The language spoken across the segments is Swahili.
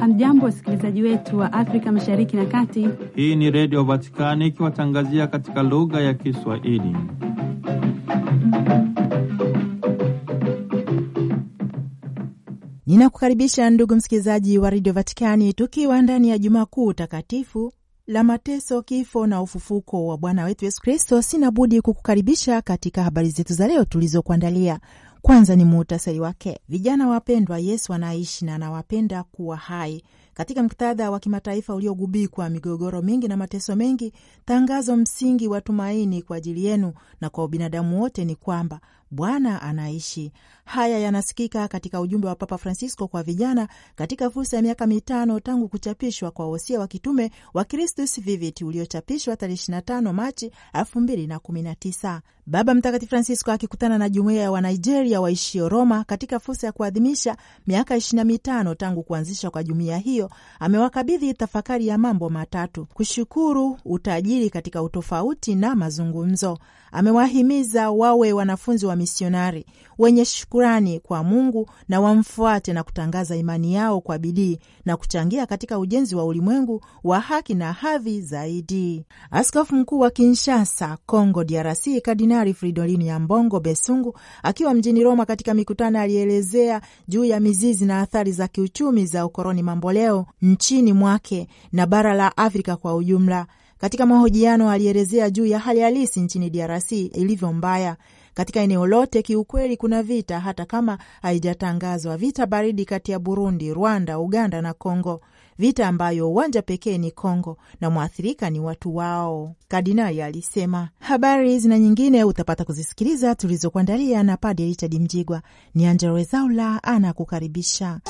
Hamjambo, wasikilizaji wetu wa Afrika Mashariki na Kati. Hii ni Redio Vatikani ikiwatangazia katika lugha ya Kiswahili. Ninakukaribisha ndugu msikilizaji wa redio Vatikani, tukiwa ndani ya Jumaa Kuu takatifu la mateso, kifo na ufufuko wa Bwana wetu Yesu Kristo. Sina budi kukukaribisha katika habari zetu za leo tulizokuandalia kwanza ni muhtasari wake. Vijana wapendwa, Yesu anaishi na anawapenda kuwa hai. Katika muktadha wa kimataifa uliogubikwa migogoro mingi na mateso mengi, tangazo msingi wa tumaini kwa ajili yenu na kwa ubinadamu wote ni kwamba Bwana anaishi. Haya yanasikika katika ujumbe wa Papa Francisco kwa vijana katika fursa ya miaka mitano tangu kuchapishwa kwa wosia wa kitume wa Christus Vivit uliochapishwa tarehe 25 Machi 2019. Baba Mtakatifu Francisco akikutana na jumuiya ya Wanigeria waishio Roma katika fursa ya kuadhimisha miaka 25 tangu kuanzishwa kwa jumuiya hiyo, amewakabidhi tafakari ya mambo matatu: kushukuru, utajiri katika utofauti na mazungumzo. Amewahimiza wawe wanafunzi wa wamisionari wenye shukurani kwa Mungu na wamfuate na kutangaza imani yao kwa bidii na kuchangia katika ujenzi wa ulimwengu wa haki na hadhi zaidi. Askofu mkuu wa Kinshasa, Congo DRC, Kardinali Fridolin yambongo Besungu, akiwa mjini Roma katika mikutano, alielezea juu ya mizizi na athari za kiuchumi za ukoloni mamboleo nchini mwake na bara la Afrika kwa ujumla. Katika mahojiano alielezea juu ya hali halisi nchini DRC ilivyo mbaya katika eneo lote kiukweli kuna vita, hata kama haijatangazwa, vita baridi kati ya Burundi, Rwanda, Uganda na Kongo, vita ambayo uwanja pekee ni Kongo na mwathirika ni watu wao, kardinali alisema. Habari hizi na nyingine utapata kuzisikiliza tulizokuandalia na Padre Richard Mjigwa. Ni Angella Rwezaula anakukaribisha.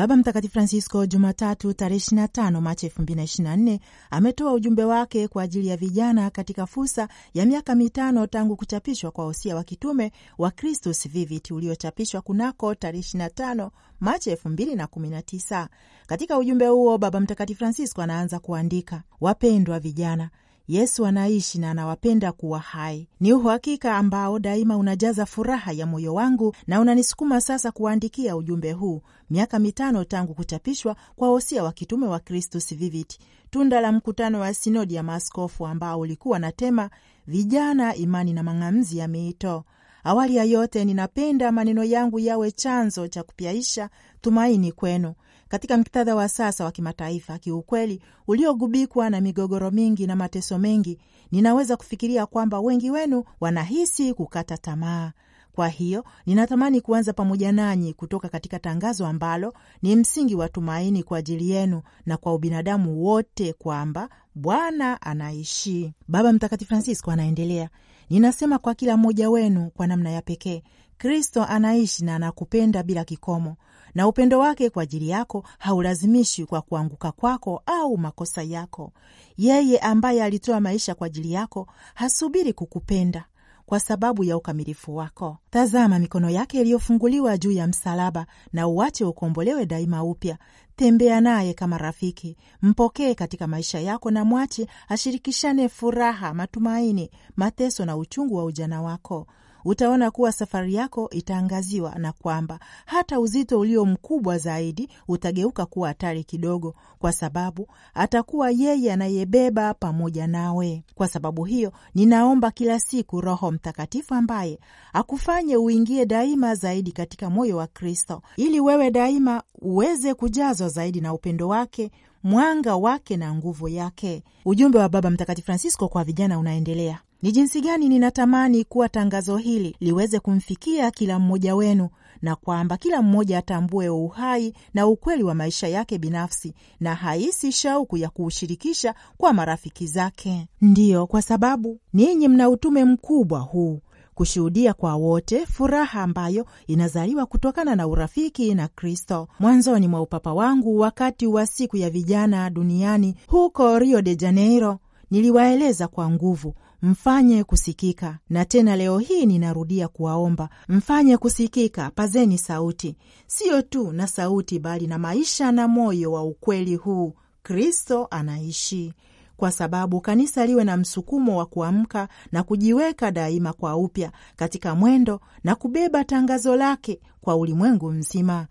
Baba Mtakatifu Francisco Jumatatu tarehe 25 Machi 2024 ametoa ujumbe wake kwa ajili ya vijana katika fursa ya miaka mitano tangu kuchapishwa kwa wosia wa kitume wa Christus Vivit uliochapishwa kunako tarehe 25 Machi 2019. Katika ujumbe huo Baba Mtakatifu Francisco anaanza kuandika: wapendwa vijana Yesu anaishi na anawapenda kuwa hai. Ni uhakika ambao daima unajaza furaha ya moyo wangu na unanisukuma sasa kuwaandikia ujumbe huu, miaka mitano tangu kuchapishwa kwa Hosia wa Kitume wa Christus Vivit, tunda la mkutano wa sinodi ya maaskofu ambao ulikuwa na tema vijana, imani na mang'amzi ya miito. Awali ya yote, ninapenda maneno yangu yawe chanzo cha kupyaisha tumaini kwenu katika muktadha wa sasa wa kimataifa, kiukweli, uliogubikwa na migogoro mingi na mateso mengi, ninaweza kufikiria kwamba wengi wenu wanahisi kukata tamaa. Kwa hiyo ninatamani kuanza pamoja nanyi kutoka katika tangazo ambalo ni msingi wa tumaini kwa ajili yenu na kwa ubinadamu wote, kwamba Bwana anaishi. Baba Mtakatifu Francisco anaendelea, ninasema kwa kila mmoja wenu kwa namna ya pekee, Kristo anaishi na anakupenda bila kikomo na upendo wake kwa ajili yako haulazimishwi kwa kuanguka kwako au makosa yako. Yeye ambaye alitoa maisha kwa ajili yako hasubiri kukupenda kwa sababu ya ukamilifu wako. Tazama mikono yake iliyofunguliwa juu ya msalaba, na uache ukombolewe daima upya. Tembea naye kama rafiki, mpokee katika maisha yako, na mwache ashirikishane furaha, matumaini, mateso na uchungu wa ujana wako utaona kuwa safari yako itaangaziwa na kwamba hata uzito ulio mkubwa zaidi utageuka kuwa hatari kidogo, kwa sababu atakuwa yeye anayebeba pamoja nawe. Kwa sababu hiyo, ninaomba kila siku Roho Mtakatifu ambaye akufanye uingie daima zaidi katika moyo wa Kristo, ili wewe daima uweze kujazwa zaidi na upendo wake mwanga wake na nguvu yake. Ujumbe wa Baba Mtakatifu Francisco kwa vijana unaendelea. Ni jinsi gani ninatamani kuwa tangazo hili liweze kumfikia kila mmoja wenu na kwamba kila mmoja atambue uhai na ukweli wa maisha yake binafsi na haisi shauku ya kuushirikisha kwa marafiki zake. Ndiyo, kwa sababu ninyi mna utume mkubwa huu kushuhudia kwa wote furaha ambayo inazaliwa kutokana na urafiki na Kristo. Mwanzoni mwa upapa wangu, wakati wa siku ya vijana duniani huko Rio de Janeiro, niliwaeleza kwa nguvu mfanye kusikika. Na tena leo hii ninarudia kuwaomba mfanye kusikika, pazeni sauti, siyo tu na sauti, bali na maisha na moyo wa ukweli huu, Kristo anaishi kwa sababu kanisa liwe na msukumo wa kuamka na kujiweka daima kwa upya katika mwendo na kubeba tangazo lake kwa ulimwengu mzima.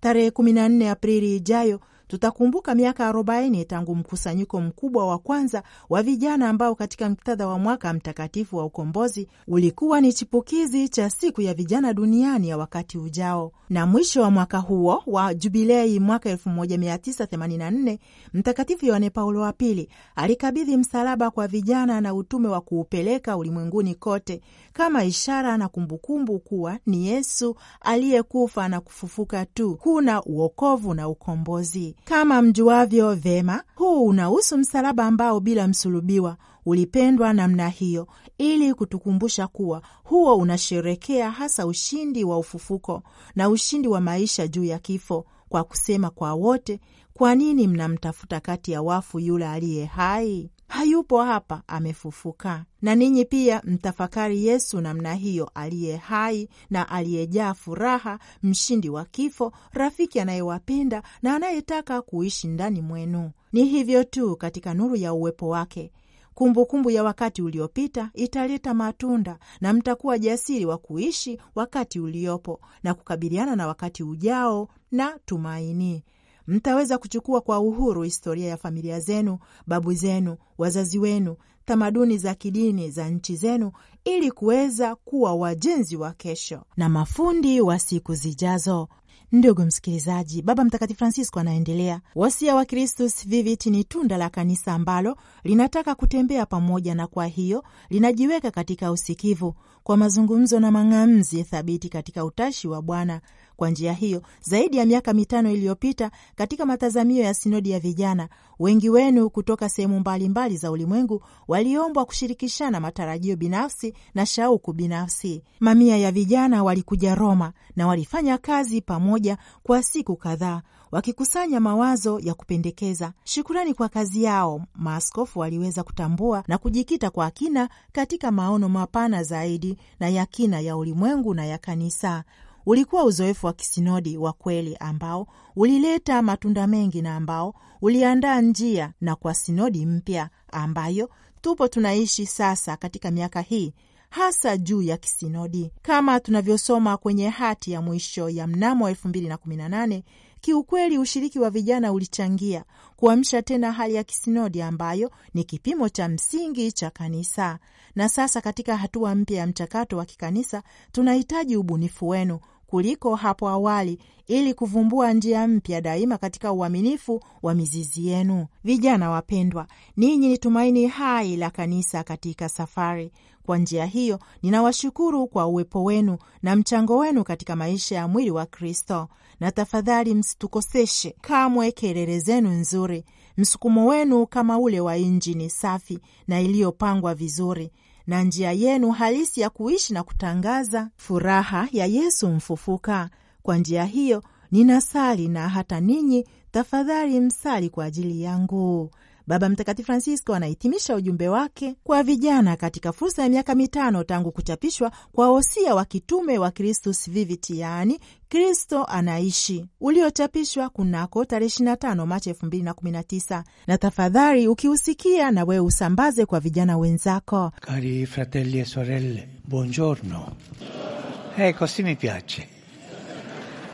Tarehe 14 Aprili ijayo Tutakumbuka miaka 40 tangu mkusanyiko mkubwa wa kwanza wa vijana ambao katika muktadha wa mwaka mtakatifu wa ukombozi ulikuwa ni chipukizi cha siku ya vijana duniani ya wakati ujao. Na mwisho wa mwaka huo wa jubilei mwaka 1984 Mtakatifu Yohane Paulo wa Pili alikabidhi msalaba kwa vijana na utume wa kuupeleka ulimwenguni kote kama ishara na kumbukumbu kuwa ni Yesu aliyekufa na kufufuka tu kuna uokovu na ukombozi. Kama mjuavyo vema, huu unahusu msalaba ambao bila msulubiwa ulipendwa namna hiyo, ili kutukumbusha kuwa huo unasherekea hasa ushindi wa ufufuko na ushindi wa maisha juu ya kifo, kwa kusema kwa wote, kwa nini mnamtafuta kati ya wafu yule aliye hai? hayupo hapa, amefufuka. Na ninyi pia mtafakari Yesu namna hiyo, aliye hai na aliyejaa furaha, mshindi wa kifo, rafiki anayewapenda na anayetaka kuishi ndani mwenu. Ni hivyo tu katika nuru ya uwepo wake. Kumbukumbu kumbu ya wakati uliopita italeta matunda na mtakuwa jasiri wa kuishi wakati uliopo na kukabiliana na wakati ujao na tumaini mtaweza kuchukua kwa uhuru historia ya familia zenu, babu zenu, wazazi wenu, tamaduni za kidini za nchi zenu, ili kuweza kuwa wajenzi wa kesho na mafundi wa siku zijazo. Ndugu msikilizaji, Baba Mtakatifu Francisco anaendelea, wasia wa Kristus Vivit ni tunda la kanisa ambalo linataka kutembea pamoja, na kwa hiyo linajiweka katika usikivu kwa mazungumzo na mang'amzi thabiti katika utashi wa Bwana kwa njia hiyo, zaidi ya miaka mitano iliyopita, katika matazamio ya sinodi ya vijana, wengi wenu kutoka sehemu mbalimbali za ulimwengu waliombwa kushirikishana matarajio binafsi na shauku binafsi. Mamia ya vijana walikuja Roma na walifanya kazi pamoja kwa siku kadhaa wakikusanya mawazo ya kupendekeza. Shukurani kwa kazi yao, maaskofu waliweza kutambua na kujikita kwa kina katika maono mapana zaidi na ya kina ya ulimwengu na ya kanisa ulikuwa uzoefu wa kisinodi wa kweli ambao ulileta matunda mengi na ambao uliandaa njia na kwa sinodi mpya ambayo tupo tunaishi sasa katika miaka hii hasa juu ya kisinodi kama tunavyosoma kwenye hati ya mwisho ya mnamo 218 Kiukweli, ushiriki wa vijana ulichangia kuamsha tena hali ya kisinodi ambayo ni kipimo cha msingi cha kanisa. Na sasa katika hatua mpya ya mchakato wa kikanisa, tunahitaji ubunifu wenu kuliko hapo awali ili kuvumbua njia mpya daima katika uaminifu wa mizizi yenu. Vijana wapendwa, ninyi ni tumaini hai la kanisa katika safari. Kwa njia hiyo, ninawashukuru kwa uwepo wenu na mchango wenu katika maisha ya mwili wa Kristo, na tafadhali msitukoseshe kamwe kelele zenu nzuri. Msukumo wenu kama ule wa injini safi na iliyopangwa vizuri na njia yenu halisi ya kuishi na kutangaza furaha ya Yesu mfufuka. Kwa njia hiyo ninasali, na hata ninyi tafadhali msali kwa ajili yangu. Baba Mtakatifu Francisco anahitimisha ujumbe wake kwa vijana katika fursa ya miaka mitano tangu kuchapishwa kwa wosia wa kitume wa Christus Vivit, yaani Kristo anaishi, uliochapishwa kunako tarehe 25 Machi 2019. Na tafadhali ukiusikia na wewe usambaze kwa vijana wenzako. Cari fratelli e sorelle, buongiorno. Eh, si mi piace.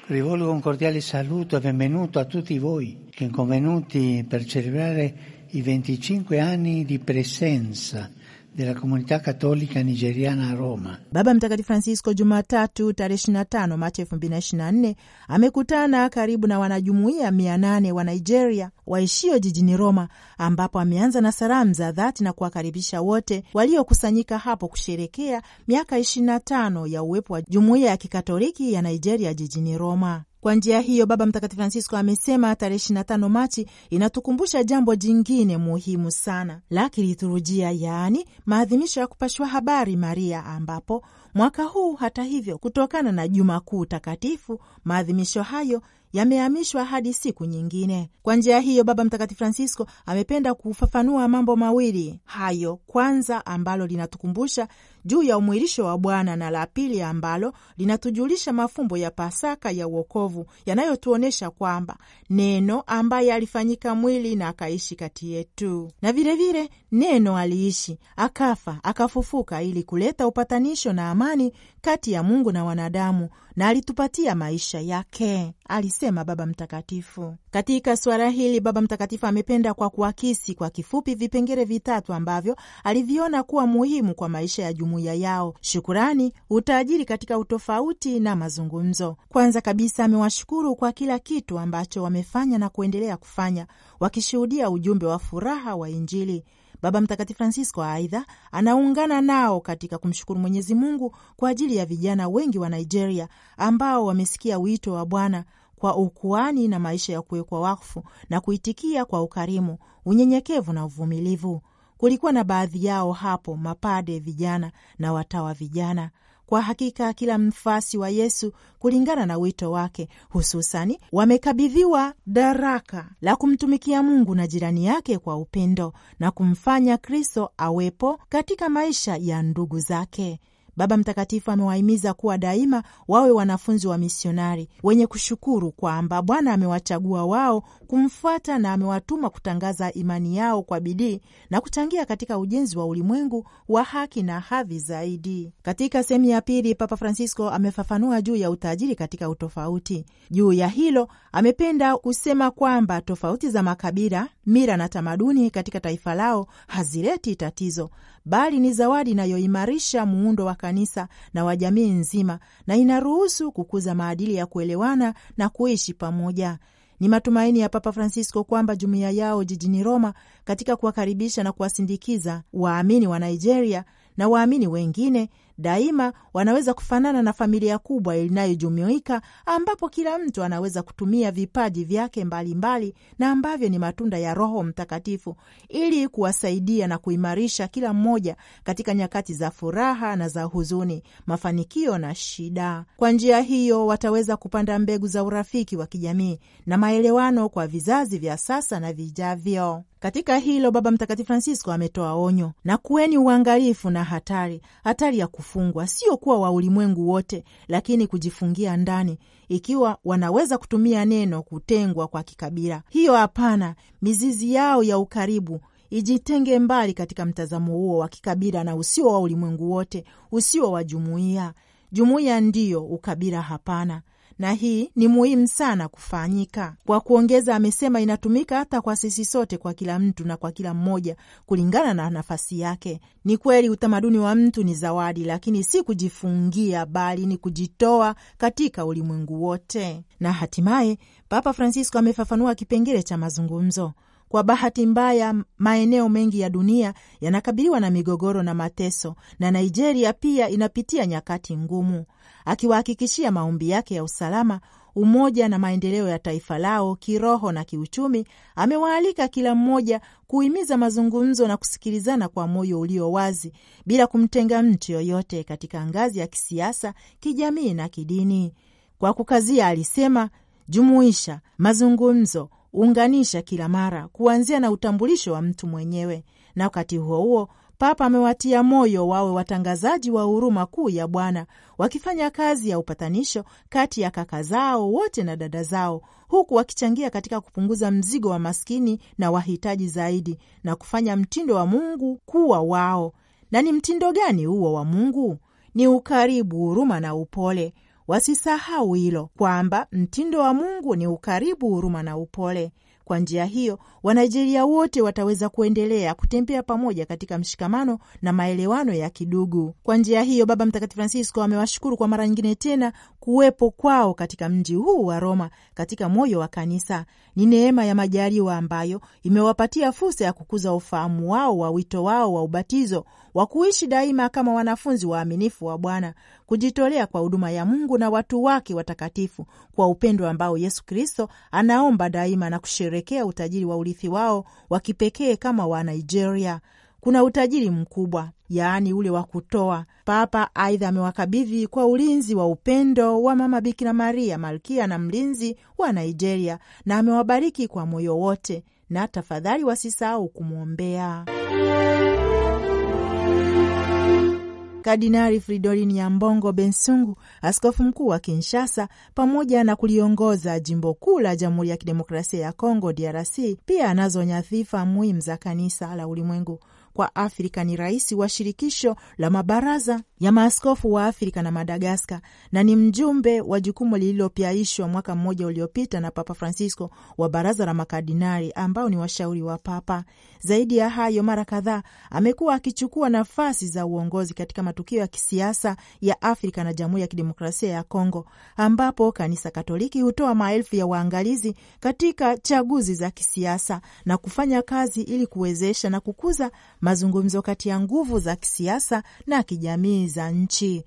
Rivolgo un cordiale saluto e benvenuto a tutti voi che convenuti per celebrare i 25 anni di presenza della comunità cattolica nigeriana a Roma. Baba Mtakatifu Francisco Jumatatu tarehe 25 Machi 2024 amekutana karibu na wanajumuiya 800 wa Nigeria waishio jijini Roma, ambapo ameanza na salamu za dhati na kuwakaribisha wote waliokusanyika hapo kusherekea miaka 25 ya uwepo wa jumuiya ya kikatoliki ya Nigeria jijini Roma. Kwa njia hiyo, Baba Mtakatifu Francisco amesema tarehe 25 Machi inatukumbusha jambo jingine muhimu sana la kiliturujia, yaani maadhimisho ya kupashwa habari Maria, ambapo mwaka huu hata hivyo, kutokana na Juma Kuu Takatifu, maadhimisho hayo yamehamishwa hadi siku nyingine. Kwa njia hiyo, Baba Mtakatifu Francisco amependa kufafanua mambo mawili hayo, kwanza ambalo linatukumbusha juu ya umwilisho wa Bwana na la pili ambalo linatujulisha mafumbo ya Pasaka ya uokovu yanayotuonyesha kwamba neno ambaye alifanyika mwili na akaishi kati yetu, na vilevile neno aliishi akafa akafufuka ili kuleta upatanisho na amani kati ya Mungu na wanadamu na alitupatia maisha yake, alisema Baba Mtakatifu. Katika suala hili, Baba Mtakatifu amependa kwa kuakisi kwa kifupi vipengele vitatu ambavyo aliviona kuwa muhimu kwa maisha ya jumuiya yao: shukurani, utajiri katika utofauti na mazungumzo. Kwanza kabisa, amewashukuru kwa kila kitu ambacho wamefanya na kuendelea kufanya, wakishuhudia ujumbe wa furaha wa Injili. Baba Mtakatifu Francisco aidha anaungana nao katika kumshukuru Mwenyezi Mungu kwa ajili ya vijana wengi wa Nigeria ambao wamesikia wito wa Bwana kwa ukuani na maisha ya kuwekwa wakfu na kuitikia kwa ukarimu, unyenyekevu na uvumilivu. Kulikuwa na baadhi yao hapo, mapade vijana na watawa vijana kwa hakika kila mfasi wa Yesu kulingana na wito wake, hususani wamekabidhiwa daraka la kumtumikia Mungu na jirani yake kwa upendo na kumfanya Kristo awepo katika maisha ya ndugu zake. Baba Mtakatifu amewahimiza kuwa daima wawe wanafunzi wa misionari wenye kushukuru kwamba Bwana amewachagua wao kumfuata na amewatuma kutangaza imani yao kwa bidii na kuchangia katika ujenzi wa ulimwengu wa haki na hadhi zaidi. Katika sehemu ya pili, Papa Francisco amefafanua juu ya utajiri katika utofauti. Juu ya hilo, amependa kusema kwamba tofauti za makabila, mira na tamaduni katika taifa lao hazileti tatizo, bali ni zawadi inayoimarisha muundo wa kanisa na wa jamii nzima, na inaruhusu kukuza maadili ya kuelewana na kuishi pamoja. Ni matumaini ya Papa Francisco kwamba jumuiya yao jijini Roma katika kuwakaribisha na kuwasindikiza waamini wa Nigeria na waamini wengine daima wanaweza kufanana na familia kubwa inayojumuika ambapo kila mtu anaweza kutumia vipaji vyake mbalimbali mbali, na ambavyo ni matunda ya Roho Mtakatifu ili kuwasaidia na kuimarisha kila mmoja katika nyakati za furaha na za huzuni, mafanikio na shida. Kwa njia hiyo wataweza kupanda mbegu za urafiki wa kijamii na maelewano kwa vizazi vya sasa na vijavyo. Katika hilo Baba Mtakatifu Francisco ametoa onyo na kuweni uangalifu na hatari, hatari ya kufungwa, sio kuwa wa ulimwengu wote, lakini kujifungia ndani, ikiwa wanaweza kutumia neno kutengwa kwa kikabila. Hiyo hapana, mizizi yao ya ukaribu ijitenge mbali katika mtazamo huo wa kikabila na usio wa ulimwengu wote, usio wa jumuiya. Jumuiya ndiyo, ukabila hapana na hii ni muhimu sana kufanyika. Kwa kuongeza, amesema inatumika hata kwa sisi sote, kwa kila mtu na kwa kila mmoja kulingana na nafasi yake. Ni kweli utamaduni wa mtu ni zawadi, lakini si kujifungia, bali ni kujitoa katika ulimwengu wote. Na hatimaye Papa Francisco amefafanua kipengele cha mazungumzo kwa bahati mbaya, maeneo mengi ya dunia yanakabiliwa na migogoro na mateso, na Nigeria pia inapitia nyakati ngumu, akiwahakikishia maombi yake ya usalama, umoja na maendeleo ya taifa lao kiroho na kiuchumi. Amewaalika kila mmoja kuhimiza mazungumzo na kusikilizana kwa moyo ulio wazi, bila kumtenga mtu yoyote katika ngazi ya kisiasa, kijamii na kidini. Kwa kukazia, alisema jumuisha, mazungumzo unganisha kila mara, kuanzia na utambulisho wa mtu mwenyewe. Na wakati huo huo Papa amewatia moyo wawe watangazaji wa huruma kuu ya Bwana, wakifanya kazi ya upatanisho kati ya kaka zao wote na dada zao, huku wakichangia katika kupunguza mzigo wa maskini na wahitaji zaidi, na kufanya mtindo wa Mungu kuwa wao. Na ni mtindo gani huo wa Mungu? Ni ukaribu, huruma na upole wasisahau hilo kwamba mtindo wa Mungu ni ukaribu, huruma na upole. Kwa njia hiyo Wanaijeria wote wataweza kuendelea kutembea pamoja katika mshikamano na maelewano ya kidugu. Kwa njia hiyo, Baba Mtakatifu Francisco amewashukuru kwa mara nyingine tena kuwepo kwao katika mji huu wa Roma, katika moyo wa kanisa. Ni neema ya majaliwa ambayo imewapatia fursa ya kukuza ufahamu wao wa wito wao wa ubatizo wa kuishi daima kama wanafunzi waaminifu wa Bwana, kujitolea kwa huduma ya Mungu na watu wake watakatifu kwa upendo ambao Yesu Kristo anaomba daima na kusherekea utajiri wa urithi wao wa kipekee kama wa Nigeria. Kuna utajiri mkubwa, yaani ule wa kutoa. Papa aidha amewakabidhi kwa ulinzi wa upendo wa Mama Bikira Maria, malkia na mlinzi wa Nigeria, na amewabariki kwa moyo wote, na tafadhali wasisahau kumwombea. Kardinali Fridolin Yambongo Bensungu, askofu mkuu wa Kinshasa, pamoja na kuliongoza jimbo kuu la Jamhuri ya Kidemokrasia ya Kongo, DRC, pia anazo nyadhifa muhimu za kanisa la ulimwengu. Kwa Afrika ni rais wa shirikisho la mabaraza ya maaskofu wa Afrika na Madagaskar na ni mjumbe wa jukumu lililopyaishwa mwaka mmoja uliopita na Papa Francisco wa Baraza la Makardinali ambao ni washauri wa Papa. Zaidi ya hayo, mara kadhaa amekuwa akichukua nafasi za uongozi katika matukio ya kisiasa ya Afrika na Jamhuri ya Kidemokrasia ya Kongo, ambapo Kanisa Katoliki hutoa maelfu ya waangalizi katika chaguzi za kisiasa na kufanya kazi ili kuwezesha na kukuza mazungumzo kati ya nguvu za kisiasa na kijamii za nchi.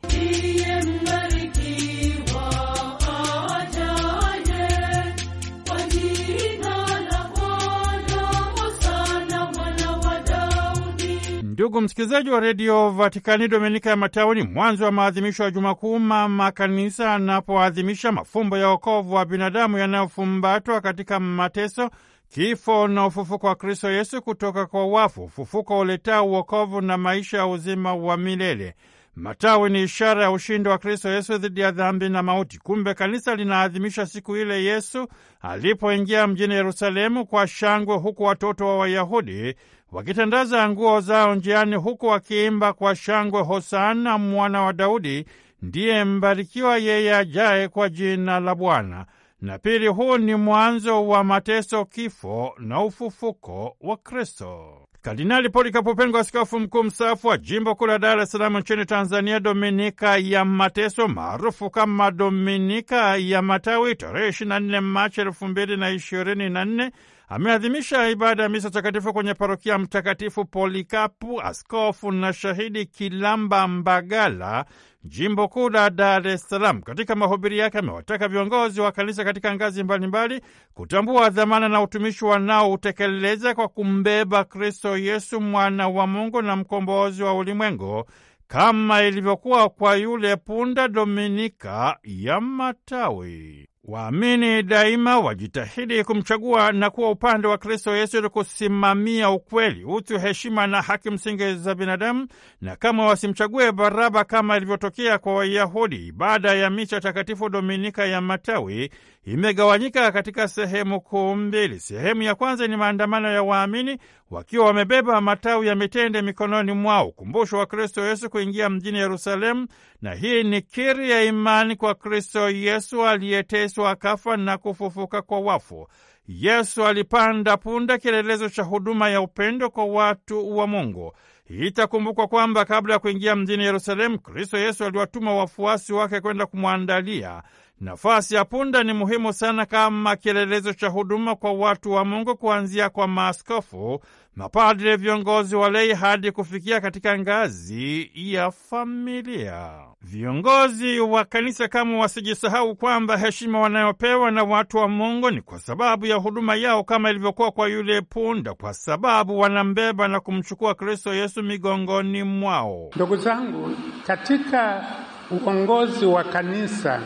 Ndugu msikilizaji wa redio Vatikani, Dominika ya Matawi ni mwanzo wa maadhimisho ya Juma Kuu, Mama Kanisa anapoadhimisha mafumbo ya wokovu wa binadamu yanayofumbatwa katika mateso, kifo na ufufuko wa Kristo Yesu kutoka kwa wafu, ufufuko uletao uokovu na maisha ya uzima wa milele. Matawi ni ishara ya ushindi wa Kristo Yesu dhidi ya dhambi na mauti. Kumbe kanisa linaadhimisha siku ile Yesu alipoingia mjini Yerusalemu kwa shangwe, huku watoto wa Wayahudi wakitandaza nguo zao njiani, huku wakiimba kwa shangwe, Hosana mwana wa Daudi, ndiye mbarikiwa yeye ajaye kwa jina la Bwana. Na pili, huu ni mwanzo wa mateso, kifo na ufufuko wa Kristo. Kardinali Polikapo Pengo, askofu mkuu mstaafu wa jimbo kuu la Dar es Salaam nchini Tanzania, Dominika ya Mateso maarufu kama Dominika ya Matawi, tarehe 24 Machi 2024 ameadhimisha ibada ya misa takatifu kwenye parokia Mtakatifu Polikapu, askofu na shahidi Kilamba Mbagala jimbo kuu la Dar es Salaam. Katika mahubiri yake amewataka viongozi wa kanisa katika ngazi mbalimbali kutambua dhamana na utumishi wanaoutekeleza kwa kumbeba Kristo Yesu, mwana wa Mungu na mkombozi wa ulimwengu, kama ilivyokuwa kwa yule punda Dominika ya Matawi. Waamini daima wajitahidi kumchagua na kuwa upande wa Kristo Yesu ili kusimamia ukweli, utu, heshima na haki msingi za binadamu, na kama wasimchague Baraba kama ilivyotokea kwa Wayahudi. Ibada ya micha Takatifu Dominika ya Matawi imegawanyika katika sehemu kuu mbili. Sehemu ya kwanza ni maandamano ya waamini wakiwa wamebeba matawi ya mitende mikononi mwao, ukumbusho wa Kristo Yesu kuingia mjini Yerusalemu, na hii ni kiri ya imani kwa Kristo Yesu aliyeteswa akafa na kufufuka kwa wafu. Yesu alipanda punda, kielelezo cha huduma ya upendo kwa watu wa Mungu. Itakumbukwa kwamba kabla ya kuingia mjini Yerusalemu, Kristo Yesu aliwatuma wafuasi wake kwenda kumwandalia Nafasi ya punda ni muhimu sana kama kielelezo cha huduma kwa watu wa Mungu, kuanzia kwa maaskofu, mapadre, viongozi wa lei hadi kufikia katika ngazi ya familia. Viongozi wa kanisa kama wasijisahau kwamba heshima wanayopewa na watu wa Mungu ni kwa sababu ya huduma yao, kama ilivyokuwa kwa yule punda, kwa sababu wanambeba na kumchukua Kristo Yesu migongoni mwao. Ndugu zangu, katika uongozi wa kanisa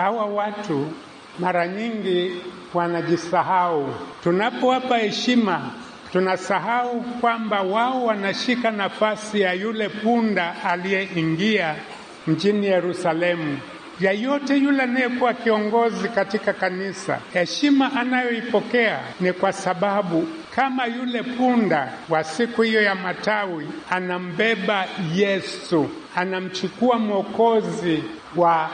hawa watu mara nyingi wanajisahau. Tunapowapa heshima, tunasahau kwamba wao wanashika nafasi ya yule punda aliyeingia mjini Yerusalemu. Yeyote yule anayekuwa kiongozi katika kanisa, heshima anayoipokea ni kwa sababu kama yule punda wa siku hiyo ya matawi anambeba Yesu, anamchukua mwokozi wa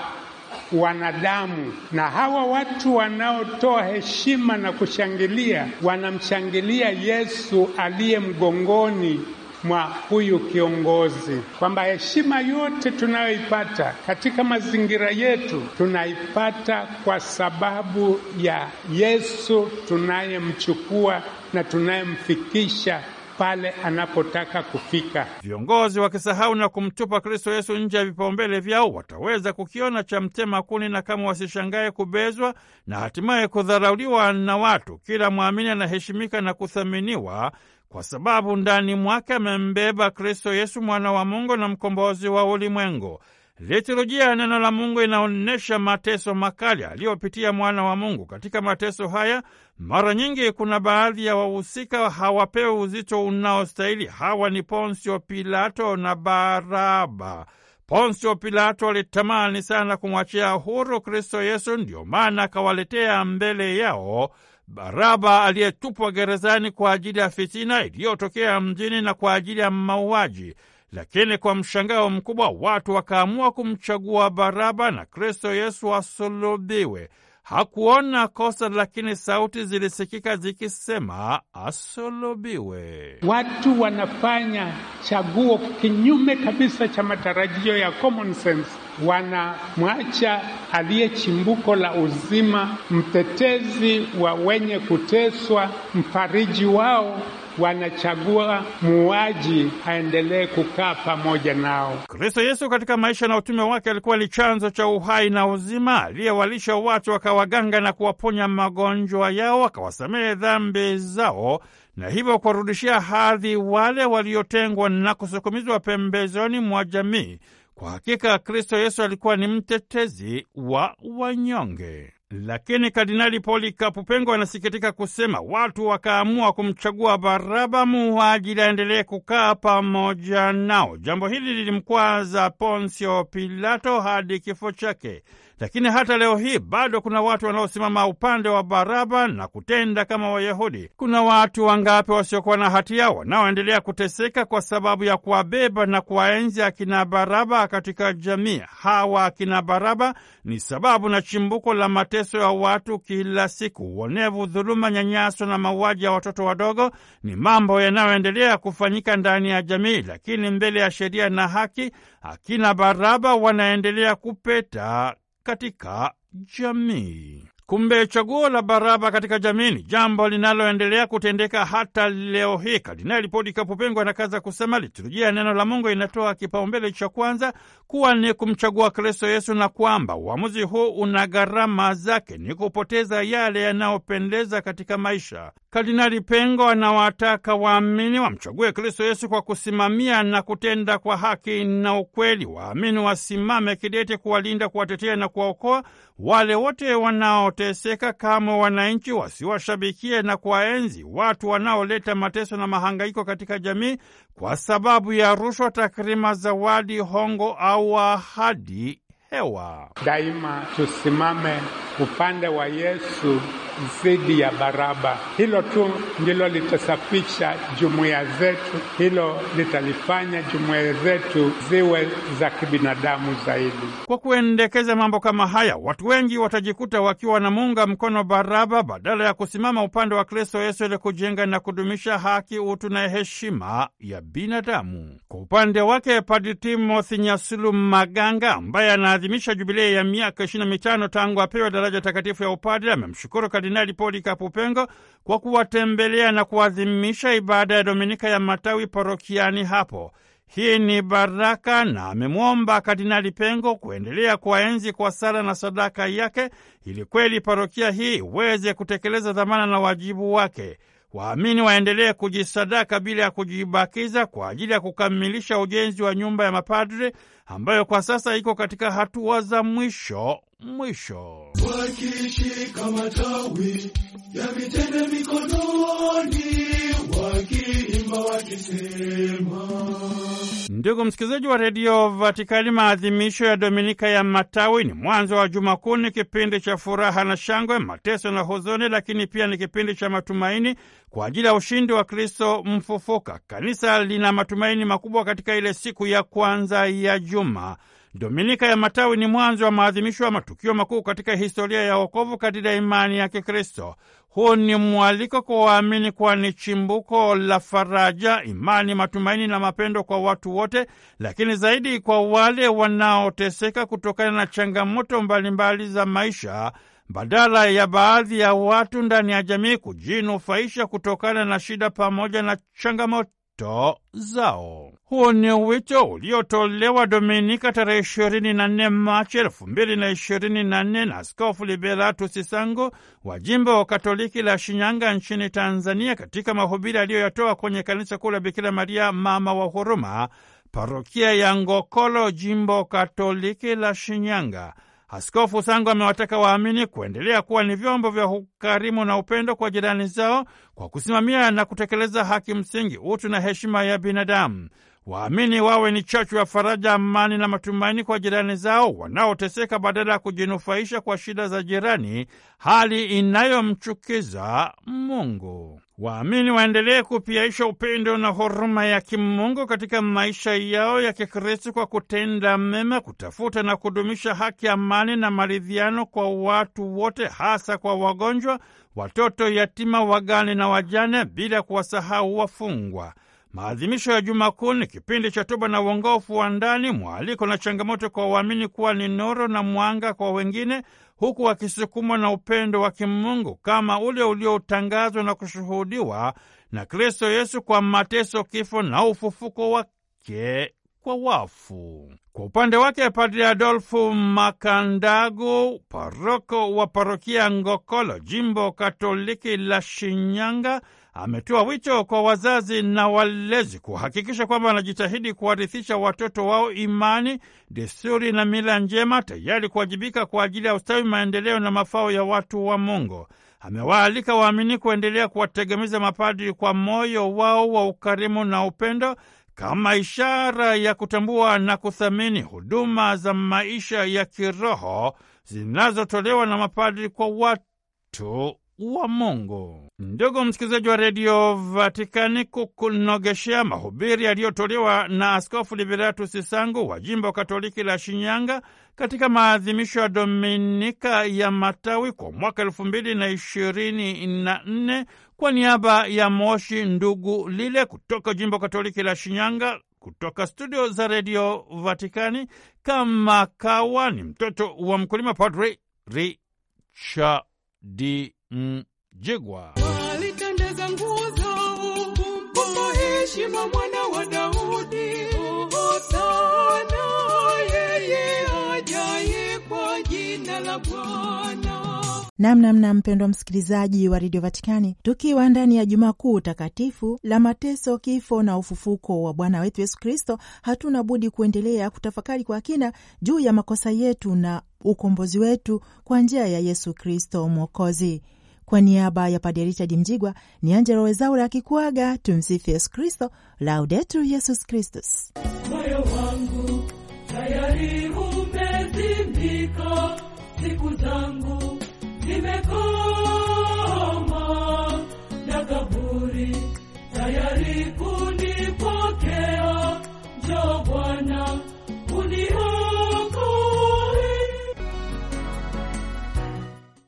wanadamu, na hawa watu wanaotoa heshima na kushangilia wanamshangilia Yesu aliye mgongoni mwa huyu kiongozi, kwamba heshima yote tunayoipata katika mazingira yetu tunaipata kwa sababu ya Yesu tunayemchukua na tunayemfikisha pale anapotaka kufika. Viongozi wakisahau na kumtupa Kristo Yesu nje ya vipaumbele vyao, wataweza kukiona cha mtema kuni, na kama wasishangae kubezwa na hatimaye kudharauliwa na watu. Kila mwamini anaheshimika na kuthaminiwa kwa sababu ndani mwake amembeba Kristo Yesu, mwana wa Mungu na mkombozi wa ulimwengu. Liturujia ya neno la Mungu inaonyesha mateso makali aliyopitia mwana wa Mungu. Katika mateso haya mara nyingi kuna baadhi ya wahusika hawapewi uzito unaostahili. Hawa ni Ponsio Pilato na Baraba. Ponsio Pilato alitamani sana kumwachia huru Kristo Yesu, ndiyo maana akawaletea mbele yao Baraba aliyetupwa gerezani kwa ajili ya fitina iliyotokea mjini na kwa ajili ya mauaji. Lakini kwa mshangao mkubwa, watu wakaamua kumchagua Baraba na Kristo Yesu asulubiwe hakuona kosa, lakini sauti zilisikika zikisema asulubiwe. Watu wanafanya chaguo kinyume kabisa cha matarajio ya common sense. Wanamwacha aliye chimbuko la uzima, mtetezi wa wenye kuteswa, mfariji wao wanachagua muuaji aendelee kukaa pamoja nao. Kristo Yesu katika maisha na utume wake alikuwa ni chanzo cha uhai na uzima, aliyewalisha watu akawaganga na kuwaponya magonjwa yao, akawasamehe dhambi zao na hivyo kuwarudishia hadhi wale waliotengwa na kusukumizwa pembezoni mwa jamii. Kwa hakika Kristo Yesu alikuwa ni mtetezi wa wanyonge. Lakini Kardinali Polikapu Pengo anasikitika kusema watu wakaamua kumchagua Baraba muuaji aendelee kukaa pamoja nao. Jambo hili lilimkwaza Ponsio Pilato hadi kifo chake. Lakini hata leo hii bado kuna watu wanaosimama upande wa Baraba na kutenda kama Wayahudi. Kuna watu wangapi wasiokuwa na hatia wanaoendelea kuteseka kwa sababu ya kuwabeba na kuwaenzi akina Baraba katika jamii. Hawa akina Baraba ni sababu na chimbuko la mateso ya watu kila siku. Uonevu, dhuluma, nyanyaso na mauaji ya watoto wadogo ni mambo yanayoendelea kufanyika ndani ya jamii, lakini mbele ya sheria na haki akina Baraba wanaendelea kupeta katika jamii. Kumbe chaguo la Baraba katika jamii ni jambo linaloendelea kutendeka hata leo hii. Kardinali Lipodi Kapupengwa anakaza kusema liturujia ya neno la Mungu inatoa kipaumbele cha kwanza kuwa ni kumchagua Kristo Yesu, na kwamba uamuzi huu una gharama zake, ni kupoteza yale yanayopendeza katika maisha. Kardinali Pengo anawataka waamini wamchague Kristo Yesu kwa kusimamia na kutenda kwa haki na ukweli. Waamini wasimame kidete kuwalinda, kuwatetea na kuwaokoa wale wote wanaoteseka kama wananchi, wasiwashabikie na kuwaenzi watu wanaoleta mateso na mahangaiko katika jamii kwa sababu ya rushwa, takrima, zawadi, hongo au ahadi hewa. Daima tusimame upande wa Yesu zaidi ya baraba. Hilo tu ndilo litasafisha jumuiya zetu, hilo litalifanya jumuiya zetu ziwe za kibinadamu zaidi. Kwa kuendekeza mambo kama haya, watu wengi watajikuta wakiwa wanamuunga mkono Baraba badala ya kusimama upande wa Kristo Yesu ili kujenga na kudumisha haki, utu na heshima ya binadamu. Kwa upande wake, Padri Timothy Nyasulu Maganga ambaye anaadhimisha jubilei ya miaka mitano tangu apewa daraja takatifu ya upadre amemshukuru Kardinali Poli Kapupengo kwa kuwatembelea na kuadhimisha ibada ya Dominika ya matawi parokiani hapo. Hii ni baraka na amemwomba Kardinali Pengo kuendelea kuwaenzi kwa sala na sadaka yake ili kweli parokia hii iweze kutekeleza dhamana na wajibu wake. Waamini waendelee kujisadaka bila ya kujibakiza kwa ajili ya kukamilisha ujenzi wa nyumba ya mapadre ambayo kwa sasa iko katika hatua za mwisho mwisho. Wakishika matawi ya mitende mikononi, wakiimba wakisema Ndugu msikilizaji wa redio Vatikani, maadhimisho ya Dominika ya Matawi ni mwanzo wa Juma Kuu. Ni kipindi cha furaha na shangwe, mateso na huzuni, lakini pia ni kipindi cha matumaini kwa ajili ya ushindi wa Kristo mfufuka. Kanisa lina matumaini makubwa katika ile siku ya kwanza ya juma. Dominika ya Matawi ni mwanzo wa maadhimisho ya matukio makuu katika historia ya wokovu katika imani ya Kikristo. Huu ni mwaliko kwa waamini, kwani chimbuko la faraja, imani, matumaini na mapendo kwa watu wote, lakini zaidi kwa wale wanaoteseka kutokana na changamoto mbalimbali mbali za maisha, badala ya baadhi ya watu ndani ya jamii kujinufaisha kutokana na shida pamoja na changamoto ndoto zao. Huo ni wito uliotolewa Dominika tarehe ishirini na nne Machi elfu mbili na ishirini na nne na Askofu Liberatus Sango wa jimbo wa Katoliki la Shinyanga nchini Tanzania, katika mahubiri aliyoyatoa kwenye kanisa kuu la Bikira Maria mama wa huruma, parokia ya Ngokolo, jimbo Katoliki la Shinyanga. Askofu Sango amewataka waamini kuendelea kuwa ni vyombo vya ukarimu na upendo kwa jirani zao kwa kusimamia na kutekeleza haki msingi, utu na heshima ya binadamu. Waamini wawe ni chachu ya faraja, amani na matumaini kwa jirani zao wanaoteseka, badala ya kujinufaisha kwa shida za jirani, hali inayomchukiza Mungu. Waamini waendelee kupiaisha upendo na huruma ya kimungu katika maisha yao ya Kikristo kwa kutenda mema, kutafuta na kudumisha haki, amani na maridhiano kwa watu wote, hasa kwa wagonjwa, watoto, yatima, wagane na wajane, bila kuwasahau wafungwa. Maadhimisho ya Juma Kuu ni kipindi cha toba na uongofu wa ndani, mwaliko na changamoto kwa waamini kuwa ni noro na mwanga kwa wengine, huku wakisukumwa na upendo wa kimungu kama ule uliotangazwa na kushuhudiwa na Kristo Yesu kwa mateso, kifo na ufufuko wake kwa wafu. Kwa upande wake Padri Adolfu Makandagu, paroko wa parokia Ngokolo, jimbo Katoliki la Shinyanga, ametoa wito kwa wazazi na walezi kuhakikisha kwamba wanajitahidi kuwarithisha watoto wao imani, desturi na mila njema, tayari kuwajibika kwa ajili ya ustawi, maendeleo na mafao ya watu wa Mungu. Amewaalika waamini kuendelea kuwategemeza mapadri kwa moyo wao wa ukarimu na upendo kama ishara ya kutambua na kuthamini huduma za maisha ya kiroho zinazotolewa na mapadri kwa watu wa Mungu. Ndugu msikilizaji wa redio Vatikani, kukunogeshea mahubiri yaliyotolewa na Askofu Liberatus Sangu wa jimbo Katoliki la Shinyanga katika maadhimisho ya Dominika ya Matawi kwa mwaka elfu mbili na ishirini na nne kwa niaba ya Moshi Ndugu Lile kutoka jimbo Katoliki la Shinyanga. Kutoka studio za redio Vatikani, kama kawa ni mtoto wa mkulima, Padri Richard Mjigwa walitandeza nguzo kumpa heshima mwana wa Daudi sana yeye ajaye kwa jina la Bwana. Namnamna mpendwa msikilizaji wa redio Vatikani, tukiwa ndani ya Jumaa Kuu takatifu la mateso, kifo na ufufuko wa Bwana wetu Yesu Kristo, hatuna budi kuendelea kutafakari kwa kina juu ya makosa yetu na ukombozi wetu kwa njia ya Yesu Kristo Mwokozi. Kwa niaba ya Padre Richard Mjigwa ni Angela Wezaura akikuaga. Tumsifu Yesu Kristo, Laudetur Yesus Kristus.